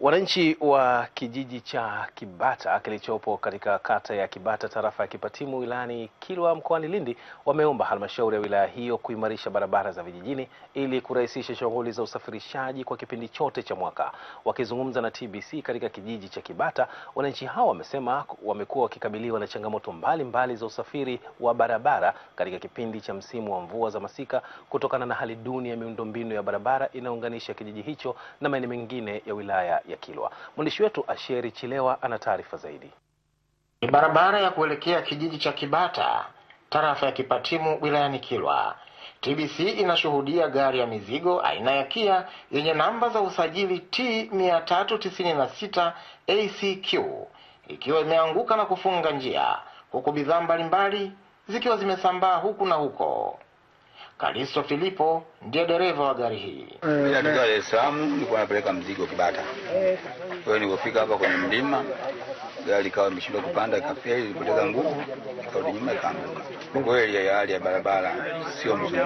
Wananchi wa kijiji cha Kibata kilichopo katika kata ya Kibata tarafa ya Kipatimu wilayani Kilwa mkoani Lindi wameomba halmashauri ya wilaya hiyo kuimarisha barabara za vijijini ili kurahisisha shughuli za usafirishaji kwa kipindi chote cha mwaka. Wakizungumza na TBC katika kijiji cha Kibata, wananchi hao wamesema wamekuwa wakikabiliwa na changamoto mbalimbali mbali za usafiri wa barabara katika kipindi cha msimu wa mvua za masika kutokana na hali duni ya miundombinu ya barabara inayounganisha kijiji hicho na maeneo mengine ya wilaya ya Kilwa. Mwandishi wetu Asheri Chilewa ana taarifa zaidi. Ni barabara ya kuelekea kijiji cha Kibata, tarafa ya Kipatimu, wilayani Kilwa. TBC inashuhudia gari ya mizigo aina ya Kia yenye namba za usajili T 396 ACQ ikiwa imeanguka na kufunga njia, huku bidhaa mbalimbali zikiwa zimesambaa huku na huko. Kalisto Filipo ndiye dereva wa gari hii. Eh, Mimi natoka eh. Dar es Salaam, nilikuwa napeleka mzigo Kibata. Kwa hiyo nilipofika hapa kwenye mlima, gari likawa imeshindwa kupanda, ikafeli, ilipoteza nguvu, ikarudi nyuma, ikaanguka. Kwa hiyo kweli hali ya barabara sio mzuri,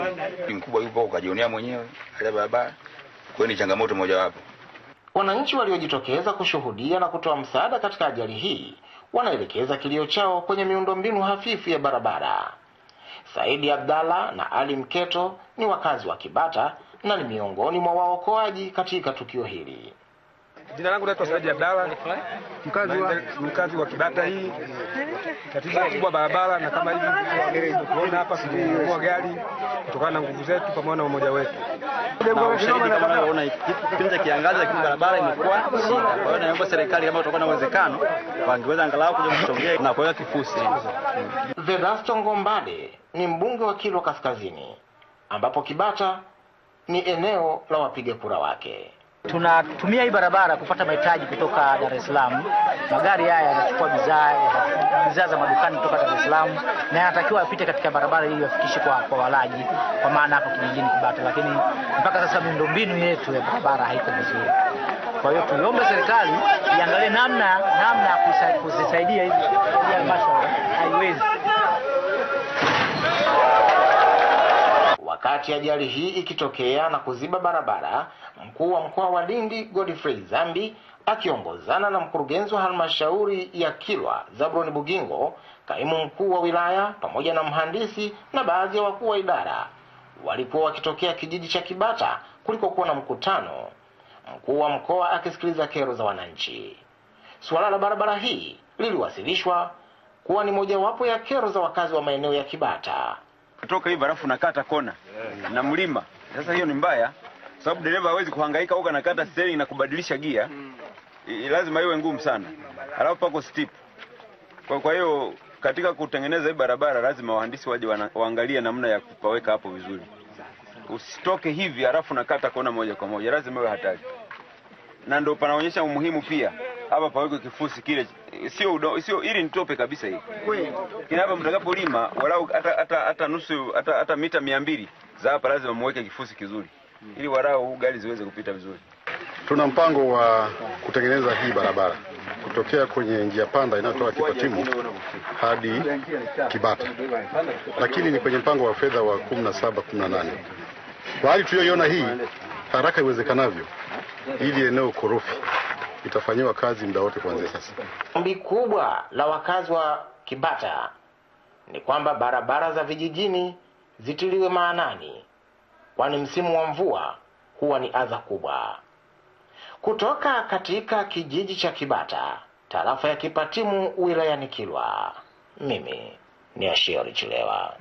mkubwa yupo ukajionea mwenyewe hali ya barabara. Kwa hiyo ni changamoto mojawapo. Wananchi waliojitokeza kushuhudia na kutoa msaada katika ajali hii wanaelekeza kilio chao kwenye miundombinu hafifu ya barabara. Saidi Abdalla na Ali Mketo ni wakazi wa Kibata na ni miongoni mwa waokoaji katika tukio hili. Jina langu naitwa Saidi Abdalla, mkazi wa mkazi wa Kibata. Hii tatizo kubwa barabara, na kama hivi tunaona hapa kwa gari kutokana na nguvu zetu pamoja na umoja wetu. Unaona kipindi cha kiangazi, lakini barabara imekuwa shida. Kwa hiyo naomba serikali, kama utakuwa na uwezekano, wangeweza angalau kuja na kuweka kifusi. Vedasto Ngombade ni mbunge wa Kilwa Kaskazini, ambapo Kibata ni eneo la wapiga kura wake. Tunatumia hii barabara kupata mahitaji kutoka Dar es Salaam. Magari haya yanachukua bidhaa bidhaa za madukani kutoka Dar es Salaam na yanatakiwa yapite katika barabara ili yafikishe kwa, kwa walaji, kwa maana hapo kijijini Kibata. Lakini mpaka sasa miundombinu yetu ya barabara haiko vizuri. Kwa hiyo tuiombe serikali iangalie namna namna ya kuzisaidia hizi haiwezi Wakati ajali hii ikitokea na kuziba barabara, mkuu wa mkoa wa Lindi Godfrey Zambi akiongozana na mkurugenzi wa halmashauri ya Kilwa Zabron Bugingo, kaimu mkuu wa wilaya pamoja na mhandisi na baadhi ya wakuu wa idara walikuwa wakitokea kijiji cha Kibata kulikokuwa na mkutano, mkuu wa mkoa akisikiliza kero za wananchi. Suala la barabara hii liliwasilishwa kuwa ni mojawapo ya kero za wakazi wa maeneo ya Kibata kutoka hivi halafu nakata kona eh. na mlima. Sasa hiyo ni mbaya, sababu dereva hawezi kuhangaika huko anakata steering na kubadilisha gia, hmm. lazima iwe ngumu sana, halafu pako steep. Kwa kwa hiyo katika kutengeneza hii barabara lazima wahandisi waje waangalie namna ya kupaweka hapo vizuri. Usitoke hivi halafu nakata kona moja kwa moja, lazima iwe hatari, na ndio panaonyesha umuhimu pia hapa pawekwe kifusi kile, sio sio, ili ni tope kabisa hili kina hapa. Mtakapolima walau hata nusu hata mita mia mbili za hapa lazima muweke kifusi kizuri, hmm. ili walau gari ziweze kupita vizuri. Tuna mpango wa kutengeneza hii barabara kutokea kwenye njia panda inayotoka Kipatimu hadi Kibata, lakini ni kwenye mpango wa fedha wa 17 18 kwa hali tuliyoiona hii haraka iwezekanavyo, ili eneo korofi itafanyiwa kazi muda wote kuanzia sasa. Ombi kubwa la wakazi wa Kibata ni kwamba barabara za vijijini zitiliwe maanani, kwani msimu wa mvua huwa ni adha kubwa. Kutoka katika kijiji cha Kibata, tarafa ya Kipatimu, wilayani Kilwa, mimi ni Ashia Chilewa.